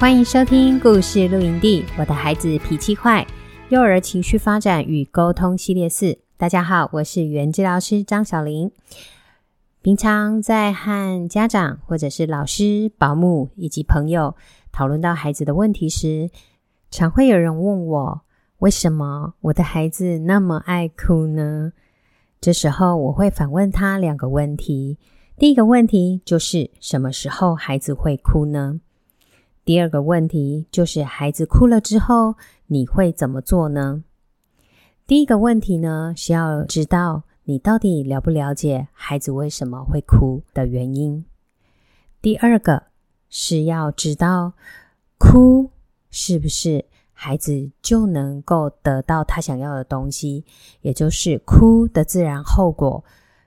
歡迎收聽故事露營地，我的孩子脾氣壞，幼兒情緒發展與溝通系列四。大家好，我是語言治療師張曉玲。平常在和家長或者是老師、保姆以及朋友討論到孩子的問題時，常會有人問我：為什麼我的孩子那麼愛哭呢？這時候我會反問他兩個問題。第一個問題就是：什麼時候孩子會哭呢？第二個問題就是，孩子哭了之後你會怎麼做呢？第一個問題呢，是要知道你到底了不了解孩子為什麼會哭的原因。第二個是要知道哭是不是孩子就能夠得到他想要的東西，也就是哭的自然後果。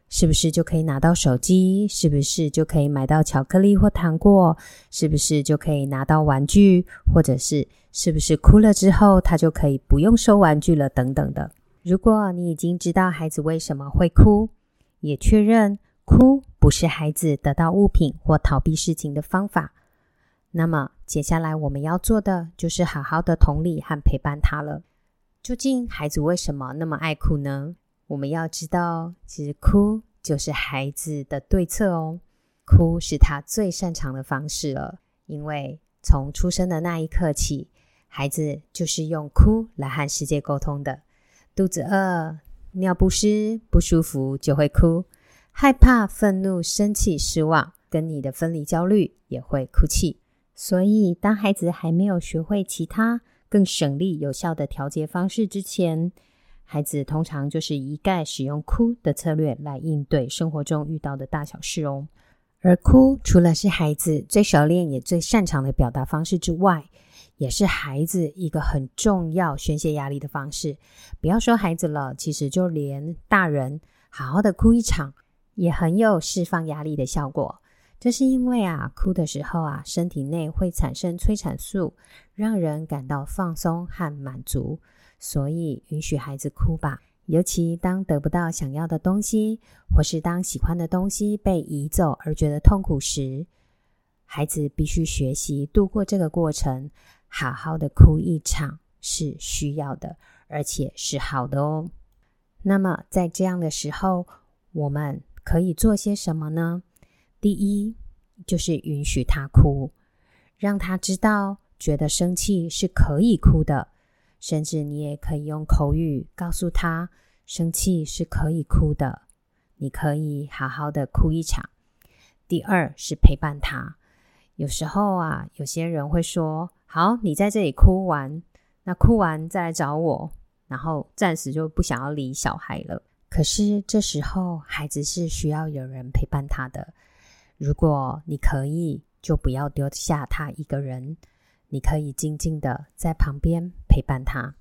是不是就可以拿到手機？是不是就可以買到巧克力或糖果？是不是就可以拿到玩具？或者是，是不是哭了之後他就可以不用收玩具了？等等的。如果你已經知道孩子為什麼會哭，也確認哭不是孩子得到物品或逃避事情的方法，那麼接下來我們要做的就是好好的同理和陪伴他了。究竟孩子為什麼那麼愛哭呢？我們要知道，其實哭就是孩子的對策哦，哭是他最擅長的方式了。因為從出生的那一刻起，孩子就是用哭來和世界溝通的。肚子餓、尿不濕、不舒服就會哭；害怕、憤怒、生氣、失望、跟你的分離焦慮也會哭泣。所以，當孩子還沒有學會其他更省力有效的調節方式之前，孩子通常就是一概使用哭的策略，來應對生活中遇到的大小事哦。而哭除了是孩子最熟練也最擅長的表達方式之外，也是孩子一個很重要宣洩壓力的方式。不要說孩子了，其實就連大人好好的哭一場也很有釋放壓力的效果。這是因為啊，哭的時候啊，身體內會產生催產素，讓人感到放鬆和滿足。所以，允許孩子哭吧，尤其當得不到想要的東西，或是當喜歡的東西被移走而覺得痛苦時，孩子必須學習度過這個過程。好好的哭一場是需要的，而且是好的哦。那麼，在這樣的時候，我們可以做些什麼呢？第一，就是允許他哭，讓他知道，覺得生氣是可以哭的。甚至你也可以用口語告訴他，生氣是可以哭的，你可以好好的哭一場。第二是陪伴他，有時候啊，有些人會說，好，你在這裡哭完，那哭完再來找我，然後暫時就不想要理小孩了。可是這時候孩子是需要有人陪伴他的，如果你可以，就不要丟下他一個人。你可以靜靜的在旁邊陪伴他，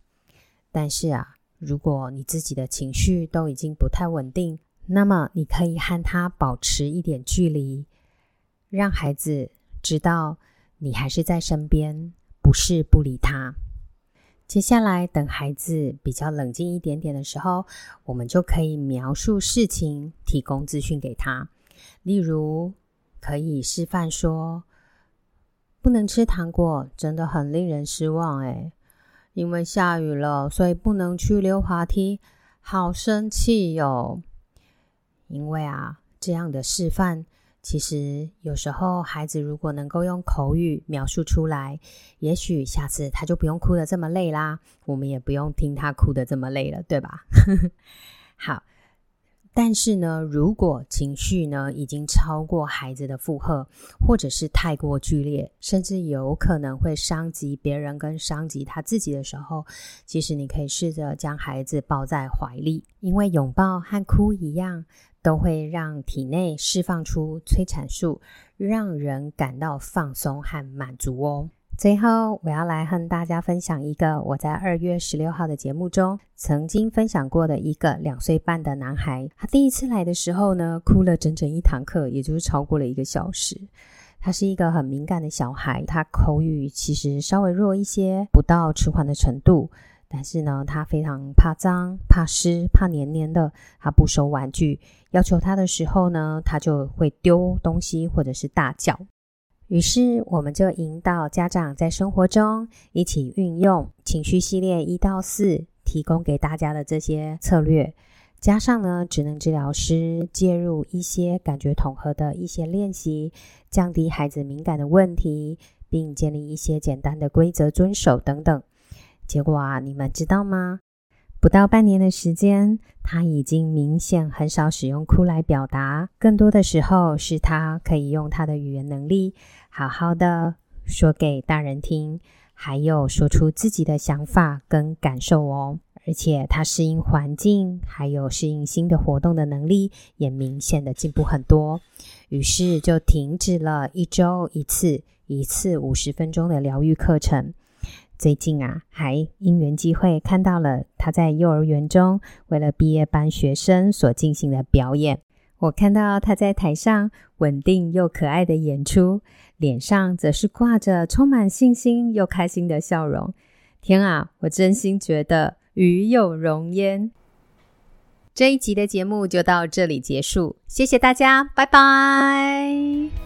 但是啊，如果你自己的情緒都已經不太穩定，那麼你可以和他保持一點距離，讓孩子知道你還是在身邊，不是不理他。接下來，等孩子比較冷靜一點點的時候，我們就可以描述事情，提供資訊給他。例如，可以示範說。不能吃糖果，真的很令人失望誒，因為下雨了，所以不能去溜滑梯，好生氣喲、哦！因為啊，這樣的示範，其實有時候孩子如果能夠用口語描述出來，也許下次他就不用哭的這麼累啦。我們也不用聽他哭的這麼累了，對吧？ 好。但是呢，如果情緒呢，已經超過孩子的負荷，或者是太過劇烈，甚至有可能會傷及別人跟傷及他自己的時候，其實你可以試着將孩子抱在懷裡，因為擁抱和哭一樣，都會讓體內釋放出催產素，讓人感到放鬆和滿足哦。最後，我要來和大家分享一個我在二月十六號的節目中曾經分享過的一個兩歲半的男孩。他第一次來的時候呢，哭了整整一堂課，也就是超過了一個小時。他是一個很敏感的小孩，他口語其實稍微弱一些，不到遲緩的程度，但是呢，他非常怕髒、怕濕、怕黏黏的。他不收玩具，要求他的時候呢，他就會丟東西或者是大叫。於是，我們就引導家長在生活中一起運用情緒系列一到四提供給大家的這些策略，加上呢，職能治療師介入一些感覺統合的一些練習，降低孩子敏感的問題，並建立一些簡單的規則遵守等等。結果啊，你們知道嗎？不到半年的時間，他已經明顯很少使用哭來表達，更多的時候是他可以用他的語言能力好好的說給大人聽，還有說出自己的想法跟感受哦。而且他適應環境還有適應新的活動的能力也明顯的進步很多，於是就停止了一周一次，一次五十分鐘的療育課程。最近啊，還因緣際會看到了他在幼兒園中為了畢業班學生所進行的表演。我看到他在台上穩定又可愛的演出，臉上則是掛着充滿信心又開心的笑容。天啊，我真心覺得與有榮焉。這一集的節目就到這裡結束，謝謝大家，拜拜。